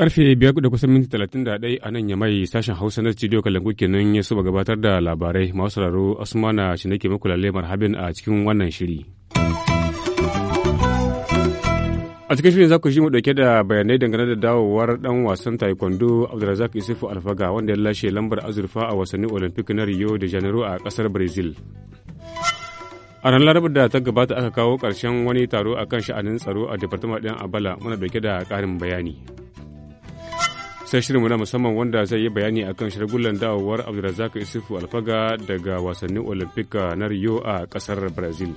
Karfe biyar da kusan minti talatin da ɗaya a nan ya mai sashen Hausa na studio Kalangu kenan ya saba gabatar da labarai masu sauraro Asmana shi nake muku lalle marhabin a cikin wannan shiri. A cikin shirin za ku ji mu dauke da bayanai dangane da dawowar dan wasan taekwondo Abdulrazak Isufu Alfaga wanda ya lashe lambar azurfa a wasannin Olympic na Rio de Janeiro a kasar Brazil. A ranar Larabar da ta gabata aka kawo karshen wani taro a kan sha'anin tsaro a Departement ɗin Abala muna dauke da karin bayani. Sai shirin na musamman wanda zai yi bayani akan shirgullan dawowar Abdulrazak Isufu Alfaga daga wasannin Olympic na Rio a kasar Brazil.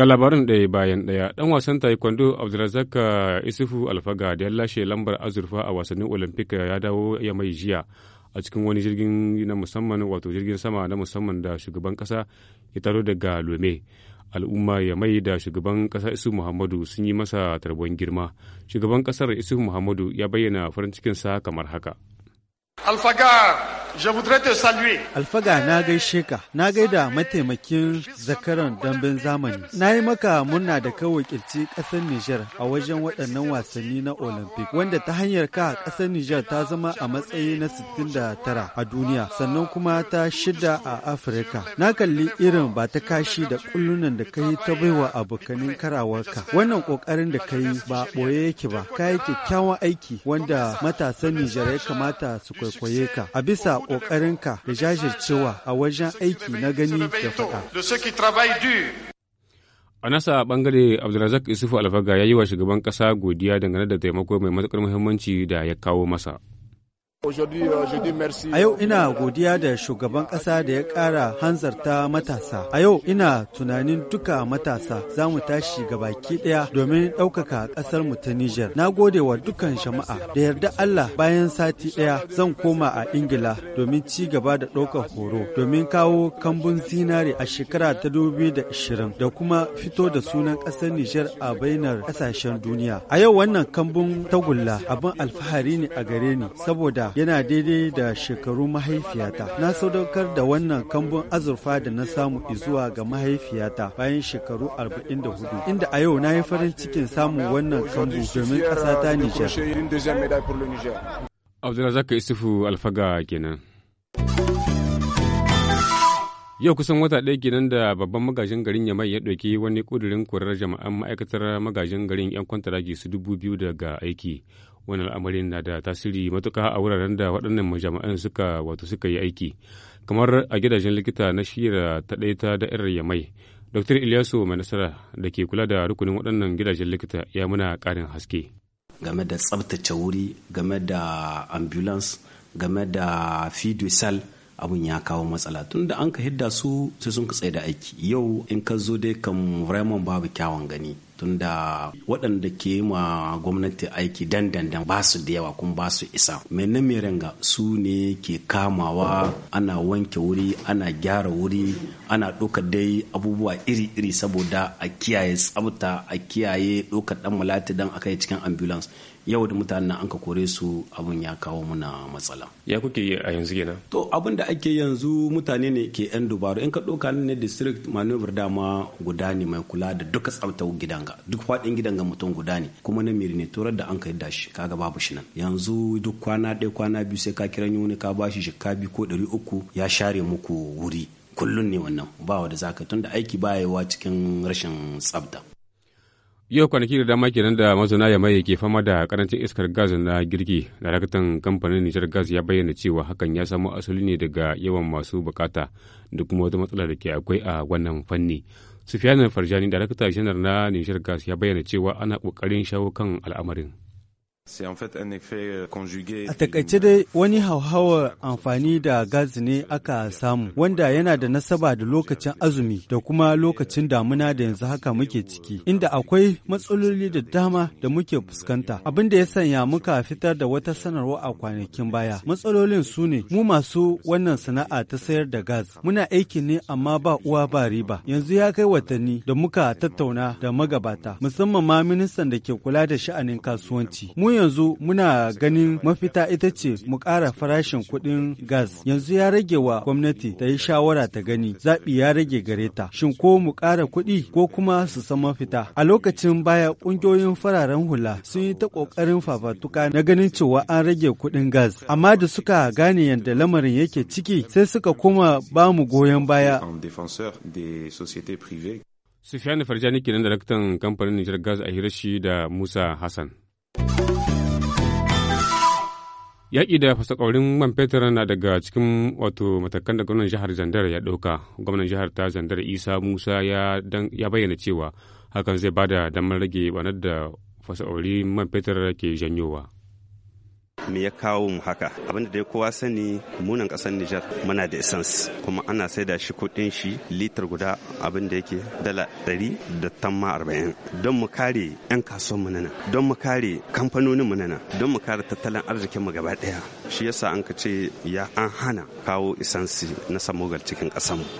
Ga labarin ɗaya bayan ɗaya, ɗan wasan taekwondo Abdulrazak Isufu Alfaga da ya lashe lambar azurfa a wasannin Olympic ya dawo ya mai jiya a cikin wani jirgin na musamman wato jirgin sama na musamman da shugaban kasa ya taro daga Lome. Al'umma ya mai da shugaban ƙasa Isu Muhammadu sun yi masa tarbon girma. Shugaban ƙasar Isu Muhammadu ya bayyana farin cikinsa kamar haka. Alfaga, Je voudrais te saluer. Alfaga na gaishe ka, na gaida mataimakin zakaran damben zamani. Na yi maka murna da ka wakilci ƙasar Nijar a wajen waɗannan wasanni na Olympic, wanda ta hanyar ka ƙasar Nijar ta zama a matsayi na 69 a duniya, sannan kuma ta shida a Afirka. Na kalli irin ba ta kashi da kullunan da ka yi ta baiwa abokanin karawarka. Wannan ƙoƙarin da ka yi ba ɓoye yake ba, ka yi kyakkyawan aiki wanda matasan Nijar ya kamata su kwaikwaye ka a bisa ka da jajircewa a wajen aiki na gani da faɗa. A nasa bangare Abdulrazak Isufu Alfaga ya yi wa shugaban kasa godiya dangane da taimako mai matuƙar muhimmanci da ya kawo masa. Euh, a yau euh, ina godiya da euh, shugaban ƙasa da ya ƙara hanzarta matasa. A yau ina tunanin duka matasa za mu tashi baki ɗaya domin ɗaukaka ƙasar mu ta Nijar. Na gode wa dukan jama'a da yarda Allah bayan sati ɗaya zan koma a Ingila domin ci gaba da ɗaukar horo domin kawo kambun zinare a shekara ta ishirin da kuma fito da sunan ƙasar Nijar a bainar ƙasashen duniya. A yau wannan kambun tagulla abin alfahari ne a gare ni saboda yana daidai da shekaru mahaifiyata na sadaukar da wannan kambun azurfa da na samu izuwa ga mahaifiyata bayan shekaru 44 inda a yau na yi farin cikin samun wannan kambu domin ƙasa ta Nijar. Abdulrazak Isufu Alfaga kenan. Yau kusan wata ɗaya kenan da babban magajin garin Yamai ya ɗauki wani ƙudurin korar jama'an ma'aikatar magajin garin 'yan kwantaragi su dubu biyu daga aiki. wani al'amarin na da tasiri matuka a wuraren da waɗannan majami'an suka wato suka yi aiki kamar a gidajen likita na shira ta ɗaya ta da'irar yamai dr ilyasu mai nasara da ke kula da rukunin waɗannan gidajen likita ya muna ƙarin haske game da tsabtace wuri game da ambulance game da sal abun ya kawo matsala tun da an ka hidda su sai sun ka tsaye da aiki yau in ka zo dai kan vraiment babu kyawun gani tunda waɗanda ke ma gwamnati aiki dandandan ba su da yawa kuma ba su isa mai na su ne ke kamawa ana wanke wuri ana gyara wuri ana ɗaukar dai abubuwa iri-iri saboda a kiyaye tsabta a kiyaye ɗaukar ɗan malati don a kai cikin ambulance yau da mutanen an ka kore su abun ya kawo muna matsala ya kuke yi a yanzu kenan to abin da ake yanzu mutane ne ke yan dubaru in ka ɗauka ne district maneuver dama guda ne mai kula da duka gidan gidanga duk faɗin ga mutum guda ne kuma na miri turar da an ka da shi kaga babu shi nan yanzu duk kwana ɗaya kwana biyu sai ka kira wani ka shi shika biyu ko ɗari uku ya share muku wuri kullum ne wannan ba wa da zaka tunda aiki ba yawa cikin rashin tsabta. Yau kwanaki da dama kenan da mazauna mai ke fama da karancin iskar gas na girki, daraktan kamfanin Nijar Gas ya bayyana cewa hakan ya samo asali ne daga yawan masu bukata da kuma wata matsala da ke akwai a wannan fanni. sufiyanar Farjani, darakta janar na Nijar Gas ya bayyana cewa ana kokarin shawo kan al'amarin. Euh, a takaice dai wani hauhawar amfani da gas ne aka samu wanda yana da nasaba da lokacin azumi da kuma lokacin damuna da yanzu haka muke ciki inda akwai matsaloli da dama da muke fuskanta abin da ya sanya muka fitar da wata sanarwa a kwanakin baya matsalolin su ne mu masu wannan sana'a ta sayar da gas muna aiki ne amma ba uwa ba riba yanzu ya kai watanni da muka tattauna da magabata musamman ma ministan da ke kula da sha'anin kasuwanci mu yanzu muna ganin mafita ita ce mu kara farashin kuɗin gas. Yanzu ya rage wa gwamnati ta yi shawara ta gani zaɓi ya rage gare ta. Shin ko mu ƙara kuɗi ko kuma su san mafita. A lokacin baya ƙungiyoyin fararen hula sun yi ta ƙoƙarin fafatuka na ganin cewa an rage kuɗin gas. Amma da suka gane yadda lamarin yake ciki sai suka kuma ba mu goyon baya. Sufiyani Farjani kenan daraktan kamfanin Nijar Gas a Hirashi da Musa Hassan. Yaƙi da fasakaurin man fetur na daga cikin wato matakan da gwamnan jihar Zandar ya ɗauka. Gwamnan jihar ta Zandar Isa Musa ya, bayyana cewa hakan zai bada damar rage banar da fasakaurin man fetur ke janyowa. me ya kawo mu haka abin da dai kowa sani munan kasar Nijar muna da essence kuma ana saida shi kuɗin shi litar guda abin da yake dala ɗari da tamma arba'in don mu kare 'yan kasuwan mu nan don mu kare kamfanonin mu nan don mu kare tattalin arzikin mu gaba daya shi yasa an ka ce ya an hana kawo isansi na samogal cikin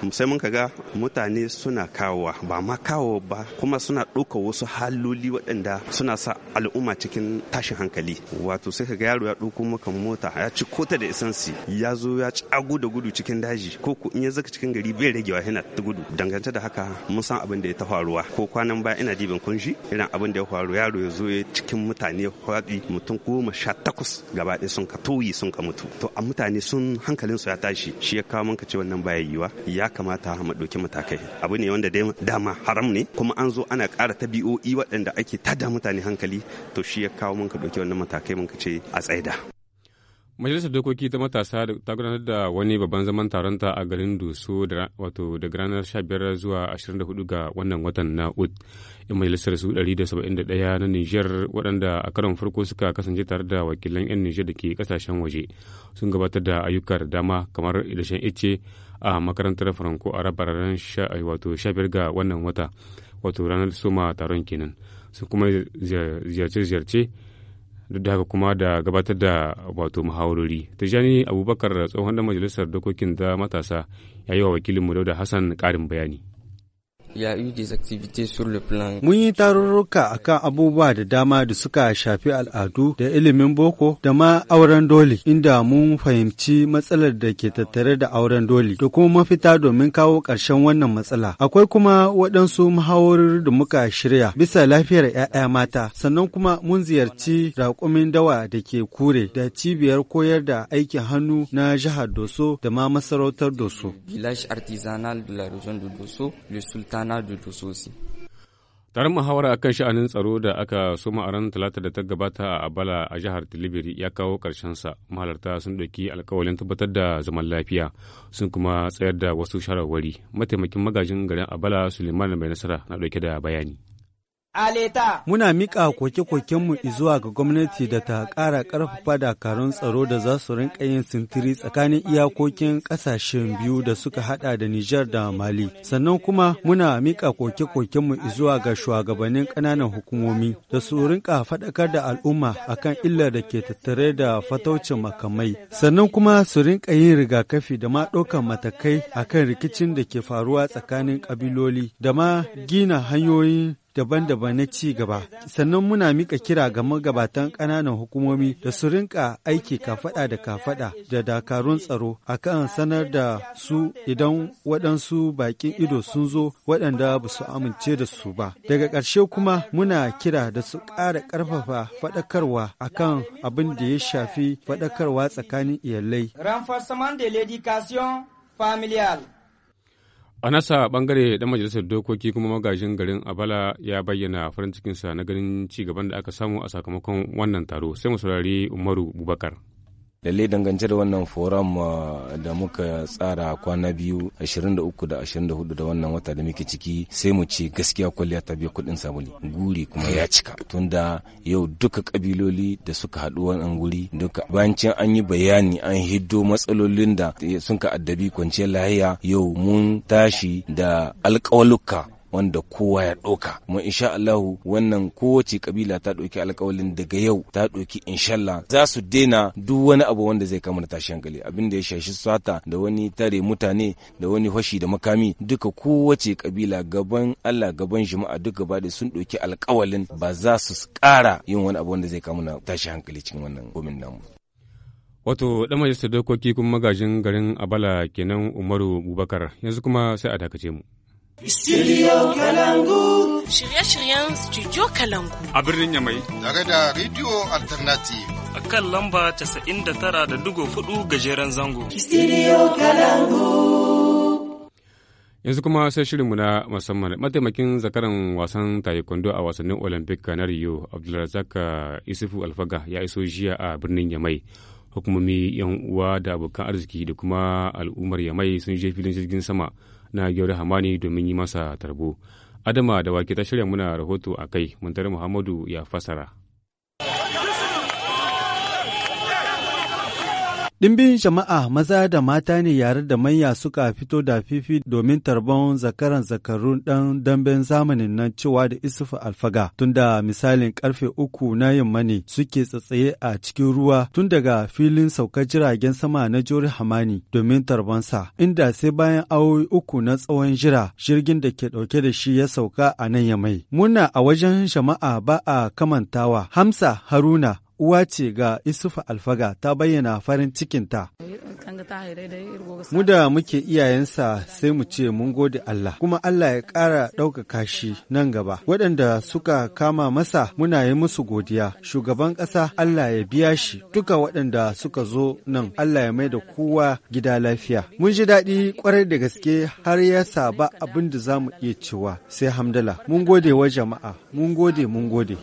mu sai mun ga mutane suna kawowa ba ma kawo ba kuma suna ɗauka wasu haloli waɗanda suna sa al'umma cikin tashin hankali wato sai ka ga yaro ya ɗauko maka mota ya ci kota da isansi ya zo ya ci agu da gudu cikin daji ko in ya zaka cikin gari bai rage wa yana ta gudu dangance da haka mun san abin da ya ta faruwa ko kwanan baya ina diban kunshi irin abin da ya faru yaro ya zo ya cikin mutane kwaɗi mutum goma sha takwas gaba ɗaya sun ka toyi sun ka mutu to a mutane sun hankalinsu ya tashi shi ya kawo ka ce wannan baya yiwa ya kamata mu ɗauki matakai abu ne wanda dama haram ne kuma an zo ana ƙara ta waɗanda ake tada mutane hankali to shi ya kawo mun ka ɗauki wannan matakai mun ka ce a tsaye Majalisar Dokoki ta matasa ta gudanar da wani babban zaman taronta a garin Doso wato daga ranar 15 zuwa 24 ga wannan watan na Ut. Yan majalisar su 171 na Nijar waɗanda a karon farko suka kasance tare da wakilan 'yan Nijar da ke kasashen waje sun gabatar da ayyuka dama kamar idashen ice a makarantar Faranko a rabararen wato ga wannan wata wato ranar soma taron kenan. su kuma ziyarce-ziyarce duk da haka kuma da gabatar da wato muhawarori tijjani abubakar tsohon da majalisar dokokin da matasa ya yi wa wakilinmu dauda hassan karin bayani Mun yi tarurruka akan abubuwa da dama da suka shafi al'adu da ilimin boko da ma auren dole inda mun fahimci matsalar da ke tattare da auren dole da kuma mafita domin kawo ƙarshen wannan matsala. Akwai kuma waɗansu muhawarar da muka shirya bisa lafiyar 'ya'ya mata, sannan kuma mun ziyarci raƙumin dawa da ke kure da cibiyar koyar da aikin hannu na jihar Doso da ma masarautar Doso. Village artisanal de la région de Doso, le sultan na dutu sosai. Taron muhawara kan sha'anin tsaro da aka soma a ranar Talata da ta gabata a Abala a jihar Tilibiri ya kawo sa Mahalarta sun ɗauki alkawalin tabbatar da zaman lafiya sun kuma tsayar da wasu shararwari Mataimakin magajin garin Abala Suleiman Mai Nasara na ɗauke da bayani. Muna miƙa koke-kokenmu zuwa ga gwamnati da ta ƙara ƙarfafa dakarun tsaro da za su rinƙa yin sintiri tsakanin iyakokin ƙasashen biyu da suka haɗa da Nijar da Mali. Sannan kuma muna miƙa koke-kokenmu zuwa ga shugabannin ƙananan hukumomi da su rinƙa faɗakar da al'umma akan illar da ke tattare da fataucin makamai. Sannan kuma su rinƙa yin rigakafi da ma ɗaukar matakai akan rikicin da ke faruwa tsakanin ƙabiloli da ma gina hanyoyin daban-daban na ci gaba sannan muna mika kira ga magabatan ƙananan hukumomi da su rinka aiki kafaɗa da kafaɗa da dakarun tsaro a kan sanar da su idan waɗansu baƙin ido sun zo waɗanda ba su amince da su ba daga ƙarshe kuma muna kira da su ƙara ƙarfafa faɗakarwa a kan abin da ya shafi faɗakarwa tsakanin iyalai familial A nasa bangare ɗan majalisar dokoki kuma magajin garin Abala ya bayyana farin cikinsa na ganin ci gaban da aka samu a sakamakon wannan taro sai mu saurari Umaru Bubakar. lalle dangance da wannan forum uh, da muka tsara kwana biyu 23 da 24 da wannan wata da muke ciki sai mu ce gaskiya kwalliya ta biya kuɗin sabuli guri kuma ya cika tunda yau duka kabiloli da suka haɗu wannan guri duka bayancin an yi bayani an hiddo matsalolin da sun ka addabi kwanciyar lahiya yau mun tashi da alƙawaluka wanda kowa ya ɗauka kuma insha Allahu wannan kowace kabila ta ɗauki alƙawalin daga yau ta ɗauki insha Allah za su daina duk wani abu wanda zai kama tashi hankali abin da ya shashi sata da wani tare mutane da wani fashi da makami duka kowace kabila gaban Allah gaban jama'a duk gaba da sun ɗauki alƙawalin ba za su ƙara yin wani abu wanda zai kama tashi hankali cikin wannan gomin namu. Wato ɗan majalisar dokoki kuma magajin garin Abala kenan Umaru Bubakar yanzu kuma sai a dakace mu. Studio Kalangu. Shirye-shiryen Studio Kalangu. A birnin Yamai. Daga da Radio Alternative. A kan lamba 99.4 gajeren zango. Studio Kalangu. Yanzu kuma sai shirinmu na musamman mataimakin zakaran wasan taekwondo a wasannin Olympic na Rio Abdulrazak Isufu Alfaga ya iso jiya a birnin Yamai. Hukumomi 'yan uwa da abokan arziki da kuma al'ummar Yamai sun je filin jirgin sama na Gyauri Hamani domin yi masa tarbo. Adama da wake ta shirya muna rahoto a kai, Muntari Muhammadu ya fasara. Ɗimbin jama'a maza da mata ne yare da manya suka fito da fifi domin tarbon zakaran zakarun ɗan damben zamanin nan cewa da isufu alfaga tunda misalin karfe uku na yamma ne suke tsatsaye a cikin ruwa tun daga filin sauka jiragen sama na jori hamani domin tarbonsa inda sai bayan awoyi uku na tsawon jira jirgin da ke ɗauke da shi ya sauka a nan yamai. Muna a wajen jama'a ba a kamantawa Hamsa Haruna uwa ce ga Isufa Alfaga ta bayyana farin cikinta. Mu da muke iyayensa sai mu ce mun gode Allah, kuma Allah ya ƙara ɗaukaka shi nan gaba. Waɗanda suka kama masa muna yi musu godiya, shugaban ƙasa Allah ya biya shi, duka waɗanda suka zo nan Allah ya mai da kowa gida lafiya. Mun ji daɗi ƙwarai da gaske har ya saba abin da za mu iya cewa sai hamdala. Mun gode wa jama'a, mun gode, mun gode.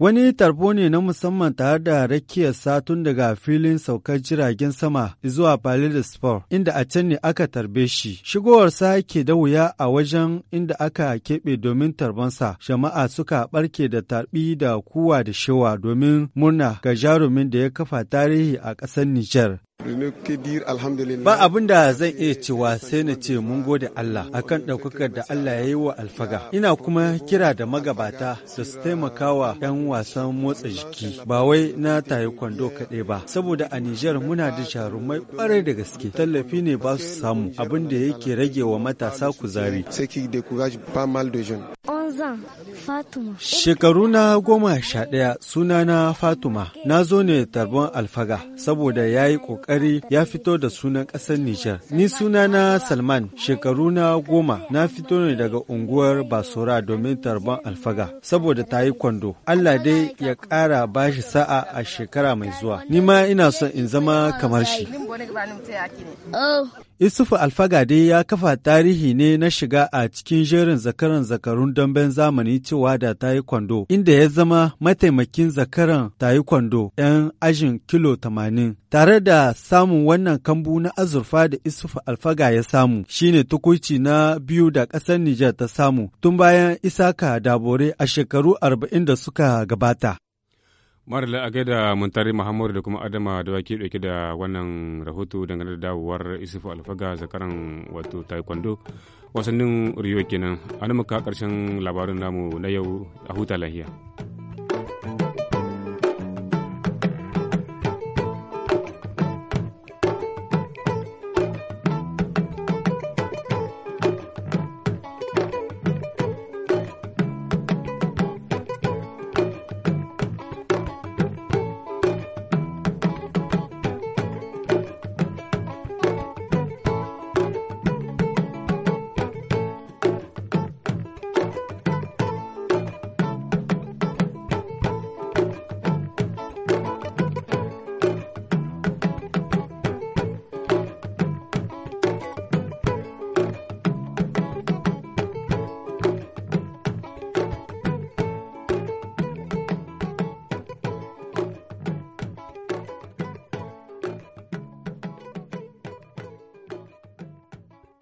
Wani tarbo ne na musamman tare da rakiyar satun daga filin saukar jiragen sama zuwa Sport, inda a can ne aka tarbe shi. Shigowarsa ke da wuya a wajen inda aka keɓe domin tarbonsa, jama'a suka ɓarke da tarbi da kuwa da shewa domin murna ga jarumin da ya kafa tarihi a ƙasar Nijar. Ba abin da zan iya cewa sai na ce mun gode Allah a kan ɗaukakar da Allah ya yi wa alfaga. Ina kuma kira da magabata da su taimaka wa 'yan wasan motsa jiki ba wai na tayi kwando kaɗai ba. Saboda a Nijar muna da jarumai kwarai da gaske tallafi ne ba su samu abin da yake rage wa matasa kuzari. Fatima. Shekaru na goma sha ɗaya sunana fatima Na zo ne tarbon alfaga saboda ya yi ƙoƙari ya fito da sunan ƙasar Nijar. Ni sunana Salman shekaru na goma na fito ne daga unguwar Basura domin tarbon alfaga saboda ta yi kwando. Allah dai ya ƙara ba shi sa'a a shekara mai zuwa. Ni ma ina son in zama kamar shi. Isufu Alfagade ya kafa tarihi ne na shiga a cikin jerin zakaran zakarun damben zamani cewa da kwando, inda ya zama mataimakin zakaran kwando 'yan ajin kilo 80. Tare da samun wannan kambu na azurfa da Isufu Alfaga ya samu, shine tukuci na biyu da ƙasar Nijar ta samu tun bayan Isaka Dabore a shekaru 40 da suka gabata. la a da Muntari Muhammadu da kuma Adama da wake dauke da wannan rahoto dangane da dawowar Isufu Alfaga zakaran wato taekwondo wasannin Rio kenan. An muka karshen labarin namu na yau a huta lahiya.